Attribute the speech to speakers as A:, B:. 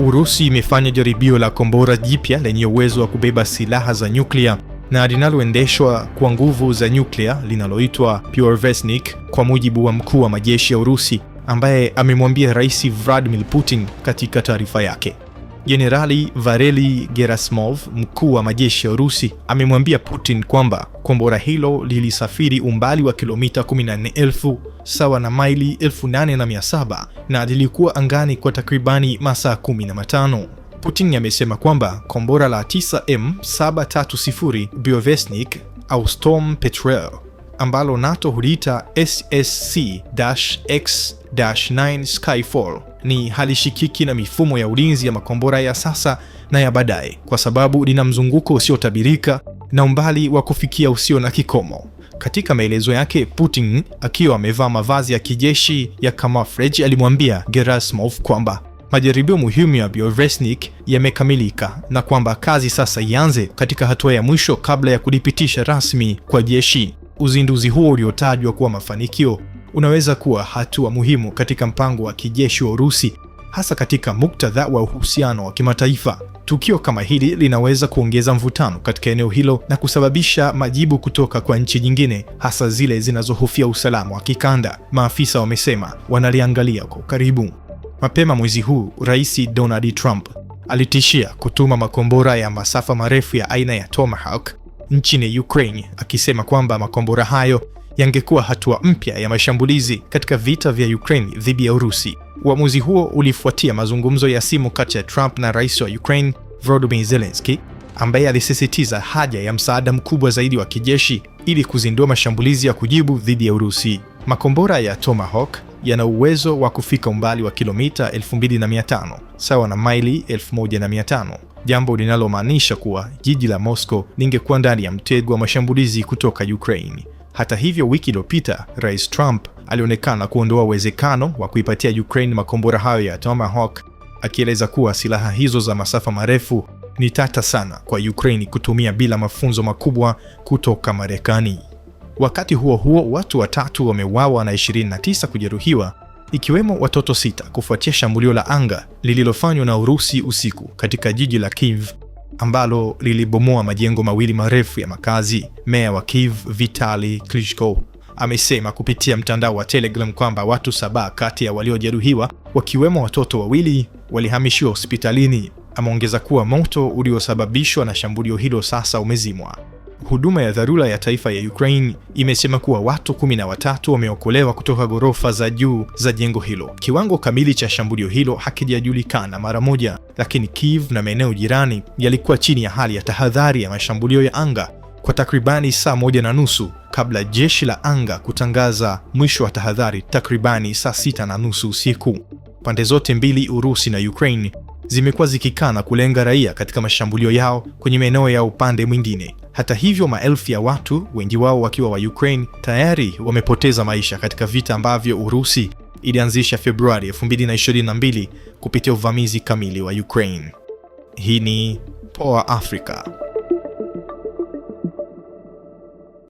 A: Urusi imefanya jaribio la kombora jipya lenye uwezo wa kubeba silaha za nyuklia na linaloendeshwa kwa nguvu za nyuklia linaloitwa Pyarvesnik, kwa mujibu wa mkuu wa majeshi ya Urusi ambaye amemwambia Rais Vladimir Putin katika taarifa yake. Jenerali Vareli Gerasimov, mkuu wa majeshi ya Urusi, amemwambia Putin kwamba kombora hilo lilisafiri umbali wa kilomita 14,000 sawa na maili 8,700 na lilikuwa angani kwa takribani masaa 15. Putin amesema kwamba kombora la 9M730 Biovesnik au Storm Petrel ambalo NATO huliita SSC-X-9 Skyfall ni halishikiki na mifumo ya ulinzi ya makombora ya sasa na ya baadaye, kwa sababu lina mzunguko usiotabirika na umbali wa kufikia usio na kikomo. Katika maelezo yake, Putin akiwa amevaa mavazi ya kijeshi ya camouflage alimwambia Gerasimov kwamba majaribio muhimu ya Burevestnik yamekamilika na kwamba kazi sasa ianze katika hatua ya mwisho kabla ya kulipitisha rasmi kwa jeshi. Uzinduzi huo uliotajwa kuwa mafanikio unaweza kuwa hatua muhimu katika mpango wa kijeshi wa Urusi, hasa katika muktadha wa uhusiano wa kimataifa. Tukio kama hili linaweza kuongeza mvutano katika eneo hilo na kusababisha majibu kutoka kwa nchi nyingine, hasa zile zinazohofia usalama wa kikanda, maafisa wamesema wanaliangalia kwa ukaribu. Mapema mwezi huu, Rais Donald Trump alitishia kutuma makombora ya masafa marefu ya aina ya Tomahawk nchini Ukraine, akisema kwamba makombora hayo yangekuwa hatua mpya ya mashambulizi katika vita vya Ukraine dhidi ya Urusi. Uamuzi huo ulifuatia mazungumzo ya simu kati ya Trump na rais wa Ukraine Volodymyr Zelensky, ambaye alisisitiza haja ya msaada mkubwa zaidi wa kijeshi ili kuzindua mashambulizi ya kujibu dhidi ya Urusi. Makombora ya Tomahawk yana uwezo wa kufika umbali wa kilomita 2500 sawa na maili 1500, jambo linalomaanisha kuwa jiji la Moscow lingekuwa ndani ya mtego wa mashambulizi kutoka Ukraine. Hata hivyo, wiki iliyopita Rais Trump alionekana kuondoa uwezekano wa kuipatia Ukraine makombora hayo ya Tomahawk, akieleza kuwa silaha hizo za masafa marefu ni tata sana kwa Ukraine kutumia bila mafunzo makubwa kutoka Marekani. Wakati huo huo, watu watatu wameuawa na 29 kujeruhiwa ikiwemo watoto sita kufuatia shambulio la anga lililofanywa na Urusi usiku katika jiji la Kiev ambalo lilibomoa majengo mawili marefu ya makazi. Meya wa Kiev Vitali Klitschko amesema kupitia mtandao wa Telegram kwamba watu saba kati ya waliojeruhiwa wakiwemo watoto wawili walihamishiwa hospitalini. Ameongeza kuwa moto uliosababishwa na shambulio hilo sasa umezimwa. Huduma ya dharura ya taifa ya Ukraine imesema kuwa watu kumi na watatu wameokolewa kutoka ghorofa za juu za jengo hilo. Kiwango kamili cha shambulio hilo hakijajulikana mara moja, lakini Kiev na maeneo jirani yalikuwa chini ya hali ya tahadhari ya mashambulio ya anga kwa takribani saa moja na nusu kabla jeshi la anga kutangaza mwisho wa tahadhari takribani saa sita na nusu usiku. Pande zote mbili, Urusi na Ukraine, zimekuwa zikikana kulenga raia katika mashambulio yao kwenye maeneo ya upande mwingine. Hata hivyo, maelfu ya watu, wengi wao wakiwa wa Ukraine, tayari wamepoteza maisha katika vita ambavyo Urusi ilianzisha Februari 2022 kupitia uvamizi kamili wa Ukraine. Hii ni Poa Africa.